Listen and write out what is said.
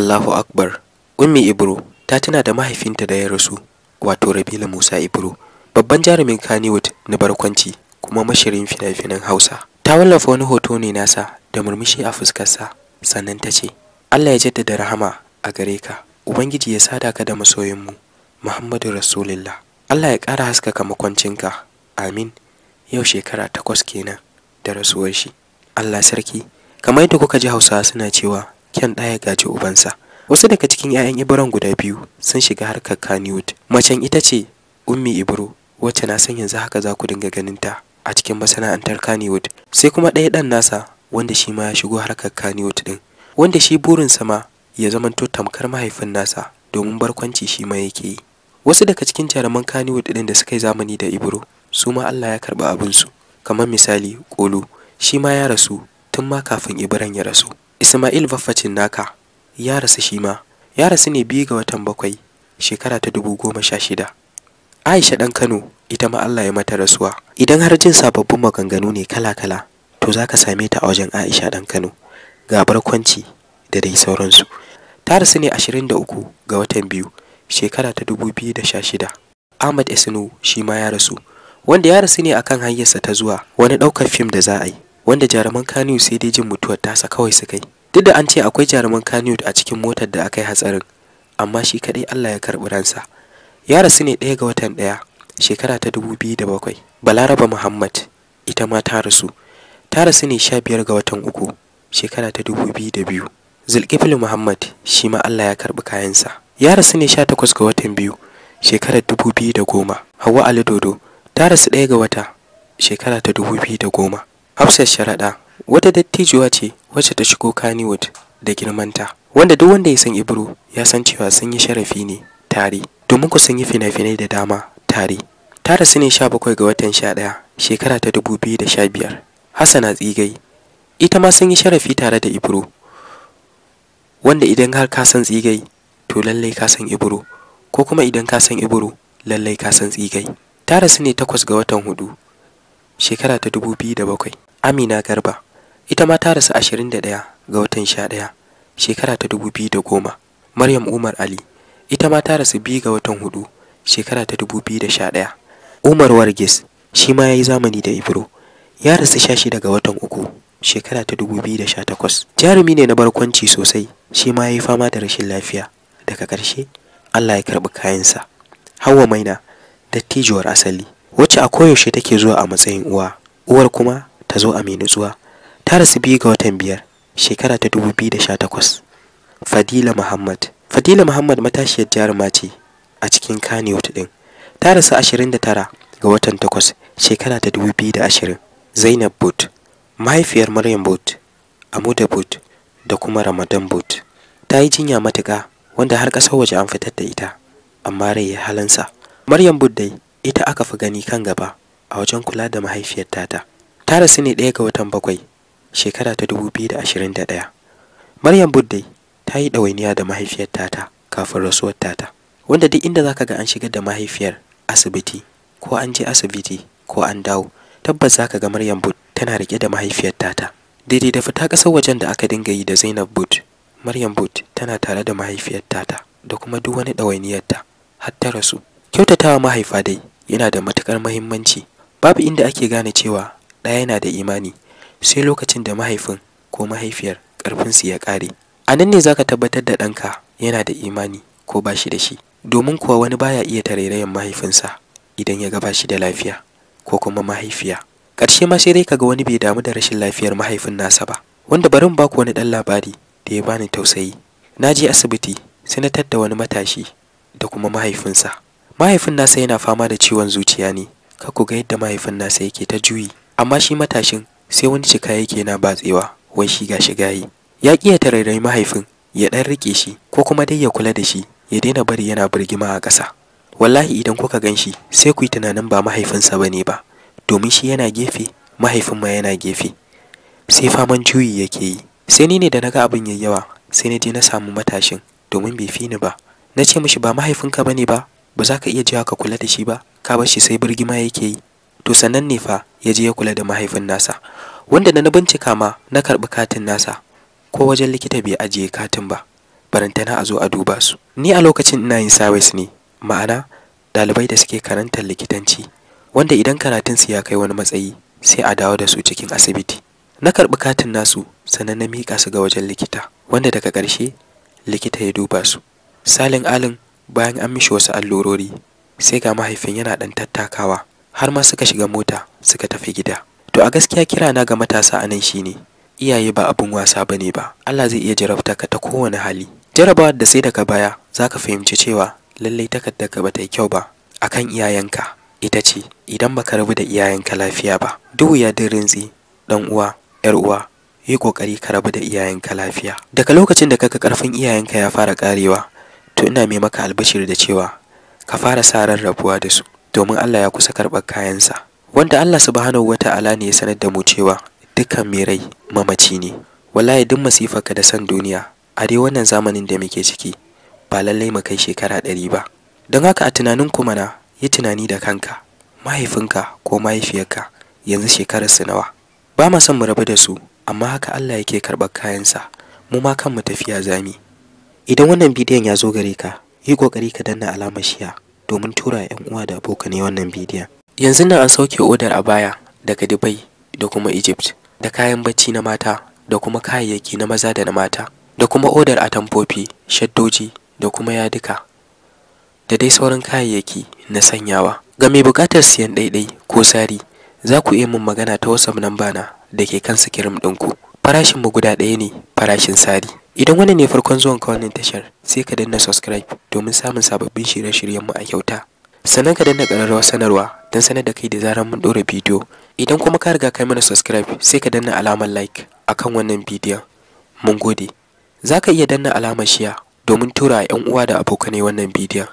Allahu Akbar! Ummi Ibro ta tuna da mahaifinta da ya rasu, wato Rabila Musa Ibro, babban jarumin Kannywood na barkwanci kuma mashirin fina-finan Hausa. Ta wallafa wani hoto ne nasa da murmushi a fuskarsa, sannan ta ce, Allah ya jaddada rahama a gare ka, Ubangiji ya sada ka da masoyinmu, Muhammadu Rasulullah. Allah ya ƙara haskaka makwancinka, amin, yau shekara takwas kenan da rasuwar shi. Allah sarki, kamar yadda kuka ji Hausawa suna cewa kyan ɗaya gaji ubansa wasu daga cikin 'ya'yan ibron guda biyu sun shiga harkar kaniwood macen ita ce ummi ibro wacce na san yanzu haka za ku dinga ganin ta a cikin masana'antar kaniwood sai kuma ɗaya ɗan nasa wanda shi ma ya shigo harkar kaniwood ɗin wanda shi burinsa ma ya zamanto tamkar mahaifin nasa domin barkwanci shi ma yake yi wasu daga cikin jaruman kaniwood ɗin da suka yi zamani da ibro su ma allah ya karɓi abinsu kamar misali kolo shi ma ya rasu tun ma kafin ibran ya rasu Ismail Baffacin naka ya rasu shi ma, ya rasu ne biyu ga watan bakwai shekara ta dubu goma sha shida. Aisha ɗan Kano ita ma Allah ya mata rasuwa. Idan har jin sababbin maganganu ne kala-kala to za ka same ta a wajen Aisha ɗan Kano ga barkwanci da dai sauransu. Ta rasu ne ashirin uku ga watan biyu shekara ta 2016. Ahmad Esinu shi ma ya rasu, wanda ya rasu ne akan hanyarsa ta zuwa wani ɗaukar fim da za a yi, wanda jaruman Kano sai dai jin mutuwar tasa kawai su kai. duk da an ce akwai jaruman Kannywood a cikin motar da aka yi hatsarin amma shi kaɗai Allah ya karɓi ransa ya rasu ne ɗaya ga watan ɗaya shekara ta 2007 Balaraba Muhammad ita ma ta rasu ta rasu ne 15 ga watan uku shekara ta 2002 Zulkifil Muhammad shi ma Allah ya karɓi kayansa ya rasu ne 18 ga watan biyu shekarar 2010 Hauwa Ali Dodo ta rasu ɗaya ga wata shekara ta 2010 Hafsat Sharaɗa wata dattijuwa ce wacce ta shigo Kannywood da girmanta, wanda duk wanda ya san Ibro ya san cewa sun yi sharafi ne tare, domin ku sun yi fina-finai da dama tare. Ta rasu ne 17 ga watan 11 shekara ta 2015. Hassana Tsigai ita ma sun yi sharafi tare da Ibro, wanda idan har ka san Tsigai to lallai ka san Ibro, ko kuma idan ka san Ibro lallai ka san Tsigai. Ta rasu ne 8 ga watan 4 shekara ta 2007. Amina Garba Ita ma ta rasu 21 ga watan 11, shekara ta 2010. Maryam Umar Ali ita ma ta rasu 2 ga watan 4, shekara ta 2011. Umar Warges shi ma ya yi zamani da Ibro. Ya rasu 16 ga watan 3, shekara ta 2018. Jarumi ne na barkwanci sosai, shi ma ya yi fama da rashin lafiya. Daga ƙarshe, Allah ya karɓi kayansa. Hauwa Maina, dattijuwar asali, wacce a koyaushe take zuwa a matsayin uwa, uwar kuma ta zo a mai nutsuwa. ta rasu biyu ga watan biyar shekara ta 2018 Fadila Muhammad Fadila Muhammad matashiyar jaruma ce a cikin Kannywood din ta rasu tara ga watan 8 shekara ta ashirin. Zainab bud mahaifiyar Maryam But, Amuda bud da kuma Ramadan But. ta yi jinya matuƙa wanda har ƙasar waje an fitar da ita amma rai ya halansa Maryam But dai ita aka fi gani kan gaba a wajen kula da mahaifiyar tata ta rasu ne ɗaya ga watan bakwai shekara ta dubu biyu da da ashirin ɗaya. Maryam Buddai ta yi ɗawainiya da mahaifiyar tata kafin rasuwar tata, wanda duk inda za ka ga an shigar da mahaifiyar asibiti ko an je asibiti ko an dawo, tabbas za ka ga Maryam Bud tana riƙe da mahaifiyar tata. Daidai da fita ƙasar wajen da aka dinga yi da Zainab Bud, Maryam Bud tana tare da mahaifiyar tata da kuma duk wani ɗawainiyarta har ta rasu. Kyautatawa mahaifa dai yana da matuƙar muhimmanci. Babu inda ake gane cewa ɗaya yana da imani. sai lokacin da mahaifin ko mahaifiyar ƙarfinsu ya ƙare. A nan ne za ka tabbatar da ɗanka yana da imani ko ba shi da shi, domin kuwa wani baya ya iya tarairayin mahaifinsa idan ya ga ba shi da lafiya ko kuma mahaifiya. Ƙarshe ma sai dai ka ga wani bai damu da rashin lafiyar mahaifin nasa ba. Wanda barin in baku wani ɗan labari da ya bani tausayi. Na je asibiti sai na tadda wani matashi da kuma mahaifinsa. Mahaifin nasa yana fama da ciwon zuciya ne, ka ku ga yadda mahaifin nasa yake ta juyi, amma shi matashin sai wani cika yake na batsewa wai shi ga shi gayi ya ƙi ya tarairayi mahaifin ya ɗan rike shi ko kuma dai ya kula da shi ya daina bari yana birgima a ƙasa wallahi idan kuka gan shi sai ku yi tunanin ba mahaifinsa ba ne ba domin shi yana gefe mahaifin ma yana gefe sai faman juyi yake yi sai ni ne da naga abin yayyawa, sai na je na samu matashin domin bai fi ni ba na ce mishi ba mahaifinka bane ba ba za ka iya jiya ka kula da shi ba ka bar shi sai birgima yake yi to sannan ne fa ya je ya kula da mahaifin nasa wanda na bincika ma na karɓi katin nasa ko wajen likita bai ajiye katin ba barantana a zo a duba su ni a lokacin ina yin sawis ne ma'ana dalibai da suke karantar likitanci wanda idan karatun su ya kai wani matsayi sai a dawo da su cikin asibiti na karɓi katin nasu sannan na miƙa su ga wajen likita wanda daga ƙarshe likita ya duba su salin alin bayan an mishi wasu allurori sai ga mahaifin yana ɗan tattakawa har ma suka shiga mota suka tafi gida. To a gaskiya kirana ga matasa a nan shine iyaye ba abin wasa ba ne ba, Allah zai iya jarabta ka ta kowane hali. Jarabawar da sai daga baya zaka fahimci cewa lallai takardarka ba ta yi kyau ba akan kan iyayenka. Ita ce, idan baka rabu da iyayenka lafiya ba, duk ya din rintsi, ɗan uwa, ‘yar uwa, yi kokari ka rabu da iyayenka lafiya. Daga lokacin da kaga karfin iyayenka ya fara ƙarewa, to ina mai maka albashir da cewa ka fara sa ran rabuwa da su. domin Allah ya kusa karɓar kayansa. Wanda Allah subhanahu wa ala ne ya sanar da mu cewa dukkan mai rai mamaci ne. Wala ya duk masifarka da san duniya a dai wannan zamanin da muke ciki ba lallai mu kai shekara ɗari ba. Don haka a tunanin ku mana yi tunani da kanka mahaifinka ko mahaifiyarka yanzu shekarar su nawa. Ba ma son mu rabu da su amma haka Allah yake karɓar kayansa mu ma kan mu tafiya zami. Idan wannan bidiyon ya zo gare ka yi ƙoƙari ka danna alamar shiya. domin tura ‘yan uwa da abokanai wannan bidiyon. Yanzu nan an sauke odar a baya daga Dubai da kuma Egypt da kayan bacci na mata da kuma kayayyaki na maza da na mata da kuma odar atamfofi, shaddoji da kuma yaduka da dai sauran kayayyaki na sanyawa. Ga mai buƙatar siyan ɗaiɗai ko sari za ku iya min magana ta WhatsApp namba na da ke kan sikirim ɗinku. Farashin mu guda ɗaya ne farashin sari. Idan wani ne farkon ka wannan tashar, sai ka danna subscribe domin samun sababbin shirye-shiryenmu a kyauta. Sannan ka danna ƙararrawar sanarwa don sanar da kai da zarar mun ɗora bidiyo. Idan kuma ka riga kai mana subscribe, sai ka danna alamar like a kan wannan bidiyon. Mun gode. Za ka iya danna alamar share domin tura wa ‘yan uwa da abokanai wannan bidiyon.